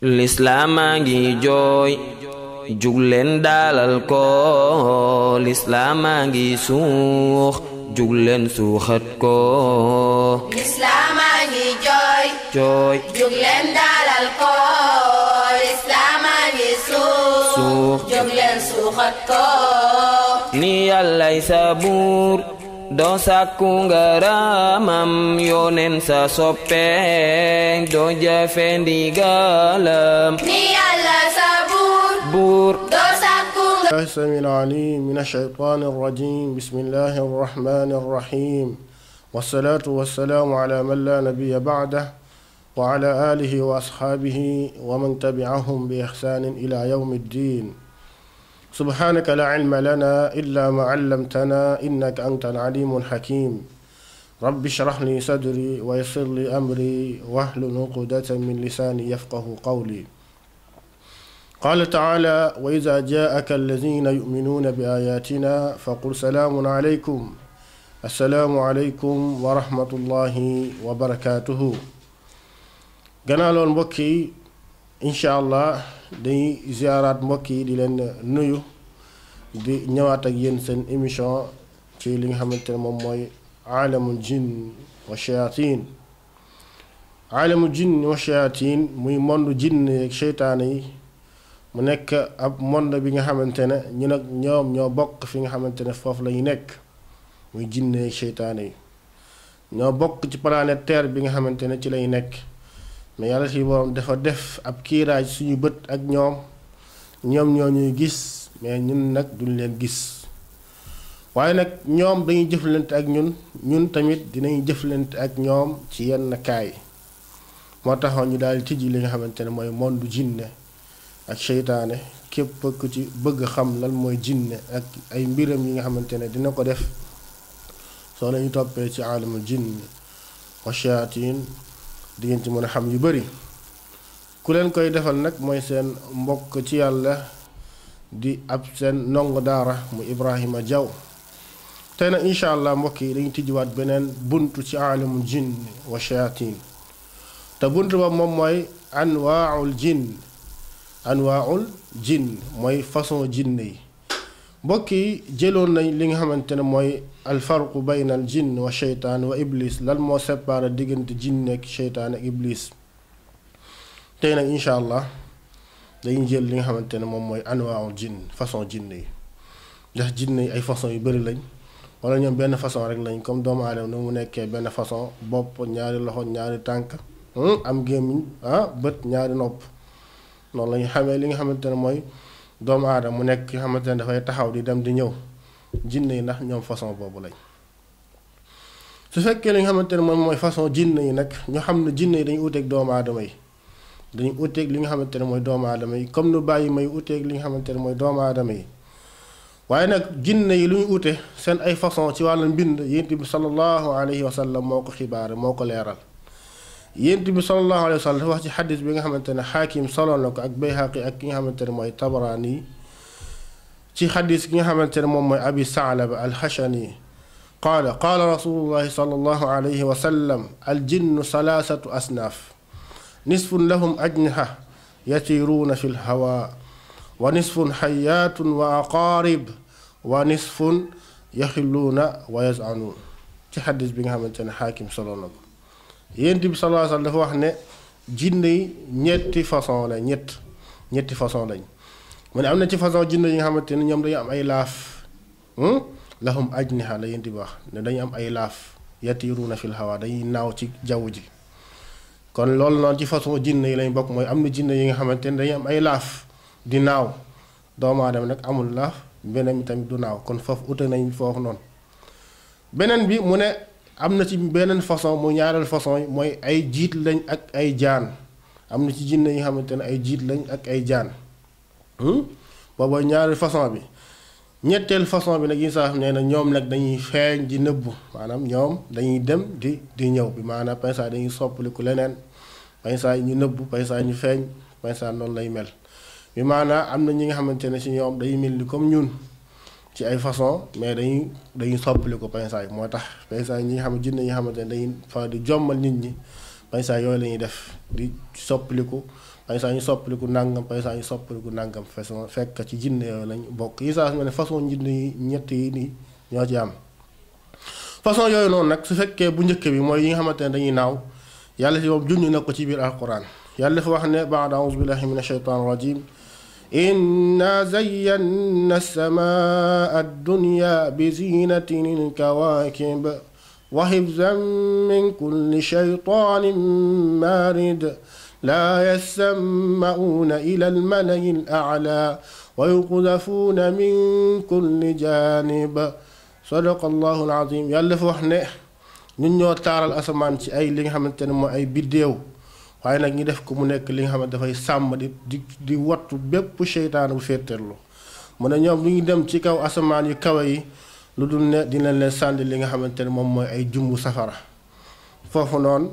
lislaamaa ngi jooy jugleen daalal ko lislaamaa ngi suux jugleen suuxat ko daalal ko lislaamaa ngi suux jugleen ni yàllay sabuur doo sàkku ngaramam yonen sa soppeng doo jëfe ndigalam ni yàlla sa buur doo sàkku ngaramam samil alim min ashaytan arrajim bismillahi arrahmani arrahim wasalaatu wasalaamu ala man la nabiya baada wa ala alihi wa asxaabihi wa man tabiahum bi ixsaanin ila yawmi ddin subhaanaka laa cilma lanaa illaa maa callamtanaa innaka anta alcaliimu alxakiim rabbi shrah li sadri wa yassir li amri wahlul uqdatan min lisaani yafqahu qawli qaala tacaala wa idaa jaaka alladiina yuminuuna bi aayaatina faqul salaamun aleykum assalaamu aleykum wa rahmatullahi wa barakaatuhu ganaa loon mbokk yi incha allah dañuy ziaraat mbokk yi di leen nuyu di ñëwaat ak yéen seen émission ci li nga xamante ne moom mooy aalamul jinn wa shayatin aalamul jinn wa shayatin muy monde jinn yeeg seytaane yi mu nekk ab monde bi nga xamante ne ñu nag ñoom ñoo bokk fi nga xamante ne foofu la nekk muy jinn yeeg seytaane yi ñoo bokk ci planète terre bi nga xamante ne ci lay nekk mais yàlla si borom dafa def ab kiiraay suñu bët ak ñoom ñoom ñoo ñuy gis mais ñun nag duñ leen gis waaye nag ñoom dañuy jëflante ak ñun ñun tamit dinañ jëflante ak ñoom ci yenn kaay moo taxoon ñu daal tijji li nga xamante ne mooy monde jinne ak seytaane képp ku ci bëgg xam lan mooy jinne ak ay mbiram yi nga xamante ne dina ko def soo lañu toppee ci aalamul jinn wa shayatin di ngeen mën a xam yu bari ku leen koy defal nag mooy seen mbokk ci yàlla di ab seen ndongo daara mu Ibrahima Diaw tey nag incha allah mbokk yi dañu tijjiwaat beneen bunt ci aalamul jinn wa shayatin te bunt ba moom mooy anwaaul jinn anwaaul jinn mooy façon jinn yi mbokk yi jëloon nañ li nga xamante ne mooy alfarqu bayna al jinn wa cheytaan wa iblis lan moo séparé diggante jinn ak cheytaan ak iblis tey nag incha allah dañuy jël li nga xamante ne moom mooy anwaaw jinn façon jinn yi ndax jinn yi ay façon yu bëri lañ wala ñoom benn façon rek lañ comme doomu aadama ni mu nekkee benn façon bopp ñaari loxo ñaari tànk hmm, am gémmiñ ah bët ñaari nopp noonu la ñu xamee li nga xamante ne mooy doomu aadama mu nekk ki xamante dafay taxaw di dem di ñëw jinne yi ndax ñoom façon boobu lañ su fekkee li xamante ne moom mooy façon jinne yi nag ñu xam ne dañuy uteeg doomu aadama yi dañuy uteeg li nga xamante ne mooy doomu aadama yi comme nu bàyyi may uteeg li nga xamante ne mooy doomu aadama yi waaye nag jinne yi lu ñu ute seen ay façon ci wàllu mbind yént bi sallallahu alayhi wa sallam moo ko xibaare moo ko leeral yént bi sallallahu alayhi wa sallam wax ci xadis bi nga xamante ne xaakim solo na ko ak bayhaqi ak ki nga xamante ne mooy tabaraani ci xadis ki nga xamante ne moom mooy abi saalaba alxashani qaala qaala rasulullahi sallallahu alayhi wa sallam aljinnu salaasatu asnaaf nisfun lahum ajniha yatiiruuna fi lhawa wa nisfun xayaatun wa aqaarib wa nisfun yaxiluuna wa yasanuun ci xadis bi nga xamante ne xaakim solo na ko yonent bi sallallahu alayhi wasallam dafa wax ne jinne yi ñetti façon la ñett ñetti façon lañ mu ne am na ci façon jinne yi nga xamante ne ñoom dañ am ay laaf hmm? lahum ajniha la yonent bi wax ne dañu am ay laaf yatiruuna fil hawa dañuy naaw ci jaww ji kon loolu noonu ci façon jinne lañ bokk mooy am na jinne yi nga xamante ne dañu am ay laaf di naaw doomu aadama nag amul laaf beneen bi tamit du naaw kon foofu ute nañ foofu noonu beneen bi mu ne am na ci beneen façon mu ñaareel façon yi mooy ay jiit lañ ak ay jaan am na ci jinne yi xamante ne ay jiit lañ ak ay jaan hmm? booba ñaareel façon bi ñetteel façon bi nag yi sax nee na ñoom nag dañuy feeñ di nëbbu maanaam ñoom dañuy dem di di ñëw bi maanaam paysaa dañuy soppaliku leneen paysaa ñu nëbbu paysaa ñu feeñ paysaa noonu lay mel bi maanaam am na ñi nga xamante ne si ñoom day mel ni comme ñun ci ay façon mais dañuy dañuy soppali ko pensaay moo tax pensaay ñi nga xam jinne ñi nga xamante ne dañuy fa di jommal nit ñi pensaay yooyu lañuy def di soppaliku pensaay ñu soppaliku nàngam pensaay ñu soppaliku nangam façon fekk ci jinne yooyu lañ bokk isaas ma ne façon jinne yi ñett yi nii ñoo ci am façon yooyu noonu nag su fekkee bu njëkk bi mooy yi nga xamante ne dañuy naaw yàlla si moom junj na ko ci biir alquran yàlla dafa wax ne ba'da a'uuzu billahi mina shaytaani rajiim إنا زينا السماء الدنيا بزينة الكواكب وحفظا من كل شيطان مارد لا يسمعون إلى الملأ الأعلى ويقذفون من كل جانب صدق الله العظيم yàlla dafa wax ne ñun ñoo taaral asamaan ci ay li nga xamante ne mooy ay biddéew waaye nag ñu def ko mu nekk li nga xam ne dafay sàmm di di di wattu bépp seytaane bu féeteerlu mun ne ñoom lu ñu dem ci kaw asamaan yu kawe yi lu dul ne dina leen sànni li nga xamante ne moom mooy ay jumbu safara foofu noonu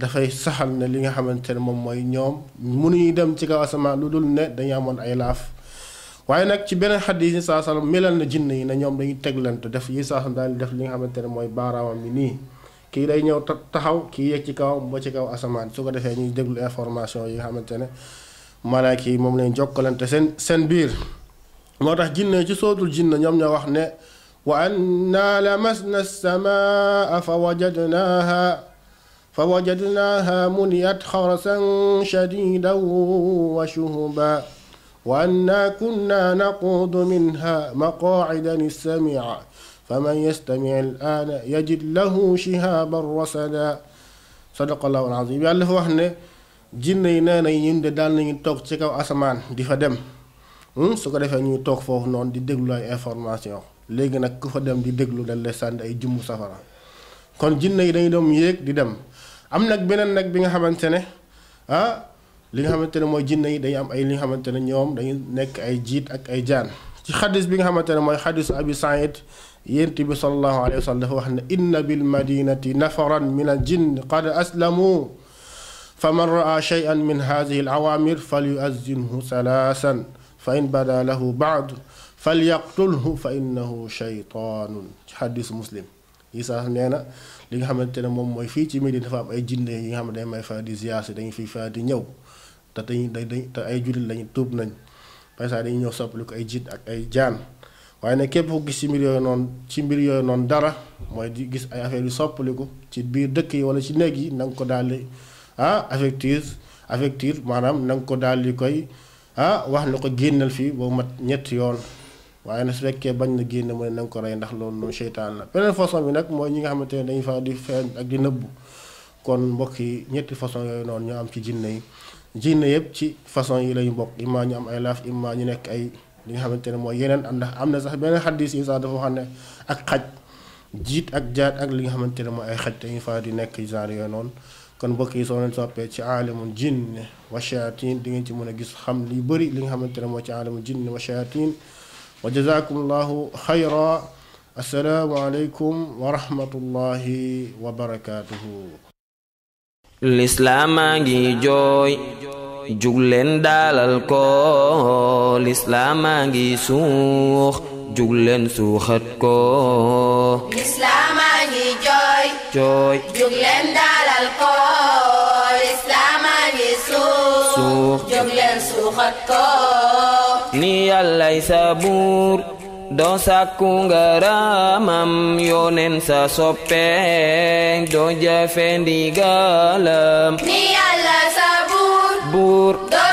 dafay saxal ne li nga xamante ne moom mooy ñoom mënuñu dem ci kaw asamaan lu dul ne dañu amoon ay laaf waaye nag ci beneen xadis yi saa sallam melal na jinn yi na ñoom dañuy teglante def yi saa sallam daal def li nga xamante ne mooy baaraamam yi nii kii day ñëw taxaw kii yéeg ci kaw ba ci kaw asamaan su ko defee ñuy déglu information yi nga xamante ne malaaka yi moom lañ jokkalante seen seen biir moo tax jinne ci sootul jinne ñoom ñoo wax ne wa annaa lamasna as-samaa fa wajadnaaha fa wajadnaaha muniyat xarasan shadidan wa shuhuba wa annaa kunna naquudu minha maqaacida lis-samia faman yastami alaana yajid lahu shihaaban rasada sadaqallahu alazim yàlla dafa wax ne jinne yi nee na ñun de daal nañu toog ci kaw asamaan di fa dem hmm? su ko defee ñuy toog foofu noonu di déglu ay information léegi nag ku fa dem di déglu dañ lay sànni ay jumbu safara kon jinne yi dañu doom yéeg di dem am nag beneen nag bi nga xamante ne ah li nga xamante ne mooy jinne yi dañu am ay li nga xamante ne ñoom dañu nekk ay jiit ak ay jaan ci xadis bi nga xamante ne mooy xadisu abi saïd yént bi sallallahu alayhi wa sallam dafa wax ne inna bil madinati nafaran min al jinn qad aslamu fa man raa cheyan min hadihi al awamir fal yuazinhu salaasan fa in bada lahu baadu fal yaqtulhu fa innahu cheytaanun nee na li nga xamante ne moom mooy fii ci Medina dafa am ay jinne yi nga xam ne dañ may di ziyaar si dañu fi fa di ñëw te dañu te ay jullit lañu tuub nañ paysaa dañu ñëw soppali ko ay jiit ak ay jaan waaye nag képp ku gis ci mbir yooyu noonu ci mbir yooyu noonu dara mooy di gis ay affaire yu soppaliku ci biir dëkk yi wala ci néeg yi na ko daal di ah affectir affectir maanaam na ko daal di koy ah wax na ko génnal fii boo mat ñetti yoon waaye nag su fekkee bañ na génn mooy ne ko rey ndax loolu noonu seytaan la. beneen façon bi nag mooy ñi nga xamante ne dañuy fa di feeñ ak di nëbbu kon mbokk yi ñetti façon yooyu noonu ñu am ci jinne yi jinne yëpp ci façon yi lay mbokk immaa ñu am ay laaf immaa ñu nekk ay. li nga xamante ne mooy yeneen am ndax am na sax beneen xaddis yi sax dafa wax ne ak xaj jiit ak jaat ak li nga xamante ne mooy ay xaj dañuy fa di nekk genre yooyu noonu kon mbokk yi soo leen soppee ci aalamul jinn wa shayatin di nga ci mën a gis xam li bëri li nga xamante ne mooy ci aalamul jinn wa shayatin wa jazakum llahu xayra assalaamu aleykum wa rahmatullahi wa barakaatuhu lislaamaa ngi jooy jug leen daalal ko lislaamaa ngi suux jug leen suuxat ko lislaamaa ngi jooy jooy jug leen daalal ko sa buur doo sàkku ngaramam yoneen sa soppe doo buur